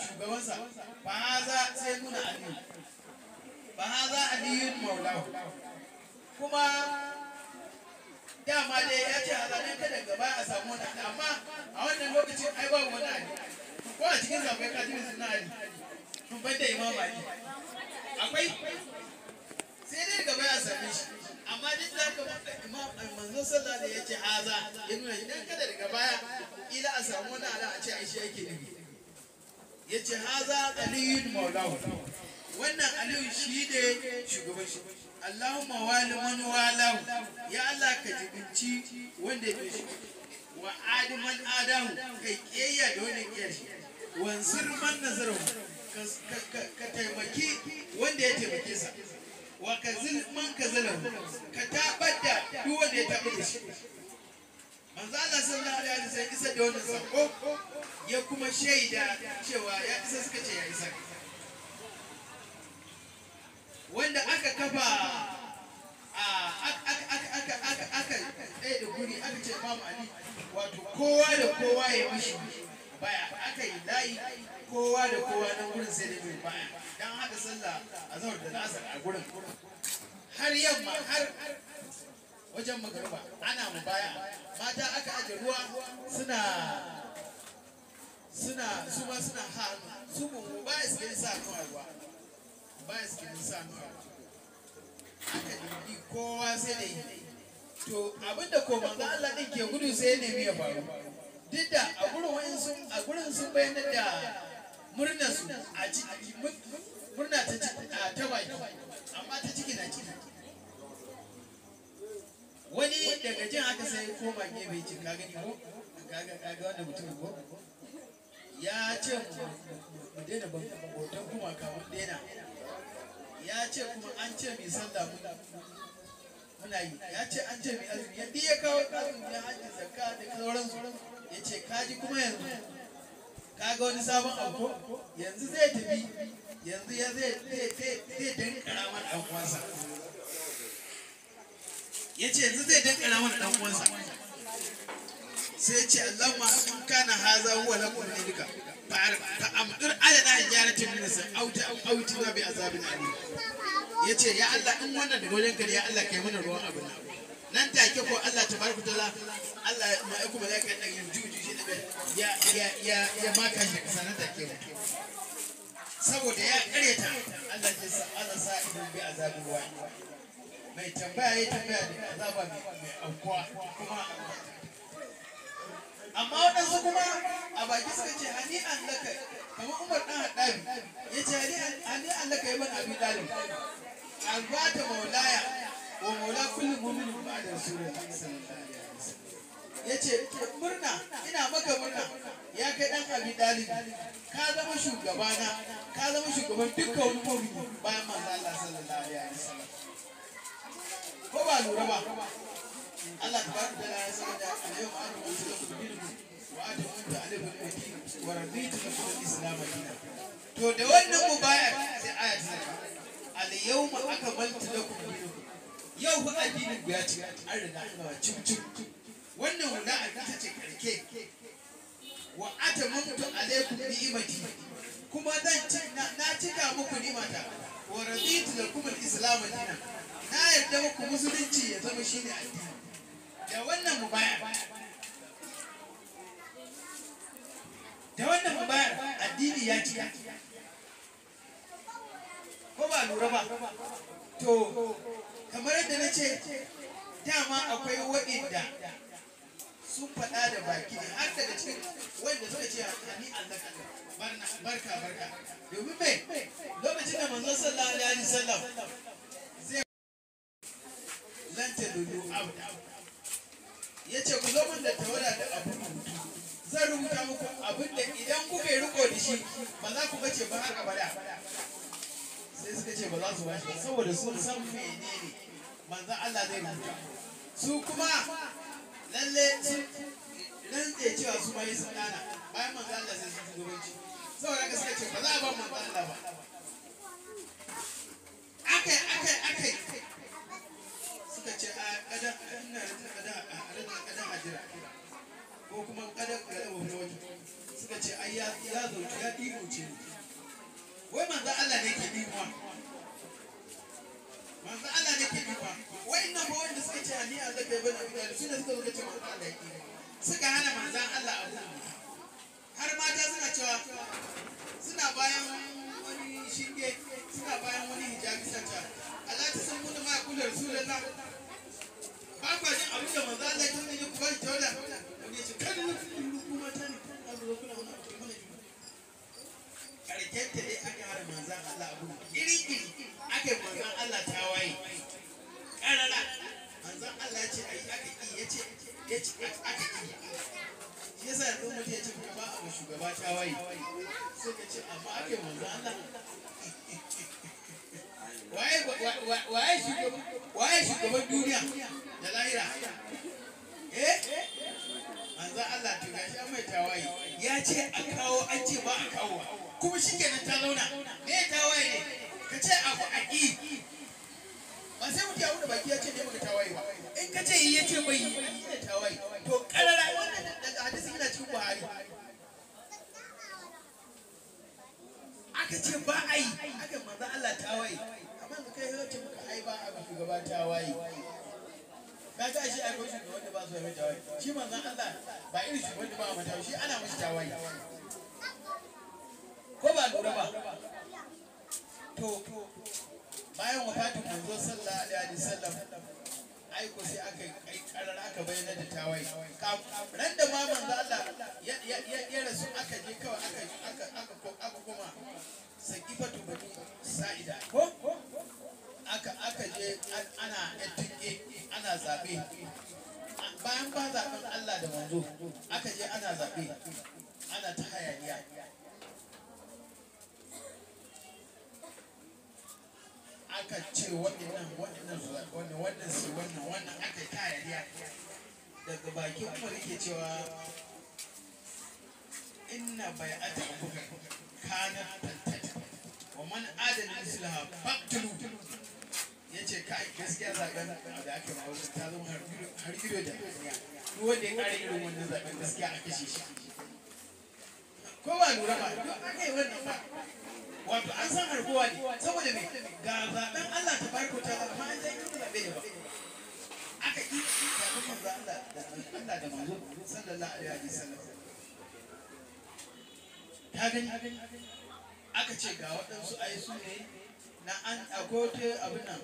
shugabansa fa za sai nuna aliyu fa haza aliyun maulahu kuma dama dai ya ce a zanen kada gaba a samu wani amma a wannan lokacin ai babu wani ali ko a cikin zafai ka jirin na ali tun banda imam ali akwai sai dai gaba ya same shi amma duk da ka imam eh, manzo sallallahu alaihi ya ce haza ya nuna idan kada daga baya ila a samu wani ala a ce ai shi yake nufi ya ce haza aliyun maulahu wannan aliyu shi ne shugaban shi allahumma wali man walahu ya allah ka jibinci wanda ya shi wa adiman adamu kai kiyayya da wani kiyaye shi wanzir man nazaru ka taimaki wanda ya taimake sa wa kazil man kazalahu ka tabar da duk wanda ya taɓa da shi manzo Allah sallallahu alaihi sai isa da wannan sako ya kuma shaida cewa ya isa suka ce ya isa wanda aka kafa aka tsaye da guri aka ce Imam Ali wato kowa da kowa ya mishi baya aka yi layi kowa da kowa na gurin sai da mai baya don haka sallah a azhar da asar a gurin har yamma har wajen magaruba ana mu baya mata aka aje ruwa suna suna su ma suna hannu su mu baya su gani sa nuwa ruwa baya su gani sa ruwa aka dinki kowa sai da yi to abinda ko manzo Allah din ke gudu sai ya nemi ya faru duk da a gurin wayan sun a gurin sun bayyana da murnar su a ciki murna ta ta baki amma ta ciki na ciki wani daga jin haka sai koma gefe ce ka gani ko kaga kaga wanda mutum ko ya ce mu daina hoton kuma kamun daina ya ce kuma an ce mai sallah muna yi ya ce an ce mai azumi ya biya kawo azumi ya haji zakka da su. ya ce kaji kuma yanzu kaga wani sabon abu? yanzu zai tafi yanzu ya zai zai zai dinka ramar ɗan uwansa ya ce yanzu zai dankara wani ɗan uwansa sai ce ma in kana haza huwa kun dika fa amdur alana hijaratin min sa auta auti na bi azabin ali yace ya Allah in wannan da wajen ka ya Allah kai mana ruwan abin nan take ko Allah tabaraka taala Allah mala'iku malaika da juju shi da ya ya ya ya maka shi sanan take mu saboda ya kareta Allah ya sa Allah sa ibn bi azabin wani mai tambaya ya tambaya ne azaba mai aukuwa kuma amma waɗansu kuma a baki suka ce hani an laka kamar umar ɗan haɗari ya ce hani an laka ya mana abin ɗalib albata maulaya wa maula kullum mumin ba da rasulun ya ce murna ina maka murna ya kai ɗan abin ɗalib ka zama shugabana ka zama shugaban dukkan wani bayan manzo Allah sallallahu alaihi wasallam ko ba lura ba Allah ta bada da ya sanar da alayhi wa alihi wa sallam wa atu anta alayhi wa alihi wa raditu ta al-islam dinan to da wannan baya sai aya ta al-yawma akmaltu lakum dinakum yau fa addinin ku ya ci an riga an gama cim cim wannan wanda a ta ce karke wa atamamtu alaykum ni'mati kuma zan ci na cika muku mata. wa raditu lakum al-islam dinan na yadda muku musulunci ya zama shine addini da wannan da wannan mu baya addini ya ko ba lura ba to kamar yadda na ce dama akwai waɗanda sun faɗa da baki ne har daga cikin wanda suka ce ni Allah barna barka barka domin mai lokacin da manzon sallallahu alaihi wasallam zai lanta dudu Ya ce ku zo min da tawada da abu zan rubuta muku abin da idan kuka yi riko da shi ba za ku bace ba haka bada sai suka ce ba za su bashi ba saboda sun san menene manzon Allah zai rubuta su kuma cewa su bayi sun dana bayan manzo Allah sai su shugabanci saboda haka suka ce ba za a ba manzo Allah ba akai akai akai suka ce a kada ina da kada a kada a jira ko kuma kada kada wani wani suka ce ai ya ya zauki ya dibo ce wai manzo Allah ne ke dimuwa manzo Allah ne ke dimuwa wai na ba wanda suka ce a ani Allah kai bane suna suka ce manzo Allah ke dimuwa suka hana manzan Allah abu har mata suna cewa suna bayan wani shinge suna bayan wani hijabi suna cewa Allah ta san mun ma kullu rasulullah ba ba jin abin da manzan Allah ya tunani ku bari jawda wani ya ce kan ku kuma ta ne an zo kula wani abu mana jima karkenta dai aka hana manzan Allah abu iri iri aka yi manzan Allah ta tawaye karara manzan Allah ya ce ayi aka yi ya ce shi yasa ya kuma ya ce kuma ba a shugaba tawaye sai ka ce amma ake manzo Allah waye shugaban duniya da lahira eh manzo Allah to gashi an mai tawaye ya ce a kawo an ce ba a kawo kuma shikenan ta zauna me tawaye ne ka ce a abu a ki ba sai mutum ya wuce baki ya ce ne maka tawaye ba in ka ce yi ya ce bai yi ba a yi aka manzo Allah ta waye amma ka kai hoce muka ai ba a shugaba ta waye ka ga shi ai shi wanda ba su yi ta waye shi manzo Allah ba irin shi wanda ba mata shi ana mashi ta waye ko ba lura ba to bayan wafatin manzo sallallahu alaihi wasallam aiko sai aka kai karar aka bayyana da tawai ran da ma manzo Allah ya rasu aka je kawai aka aka sakifatu bani sa'ida ko aka aka je ana ana zabe bayan ba zaben Allah da manzo aka je ana zabe ana ta hayaniya aka ce wannan wannan su wannan wannan aka yi tayariya daga bakin umar cewa inna bai ata kana wa man adal islam baqtulu yace kai gaskiya zaben da aka ma wasu ta har ido da duk wanda ya kare irin wannan zaben gaskiya a kashe shi ko ba lura ba duk aka wannan ba wato an san harkowa ne saboda me ga zaben Allah ta barko ta an zai kuma zabe ba aka yi zaben manzo Allah da Allah da ta gani aka ce ga waɗansu ai su ne na an akwai abin nan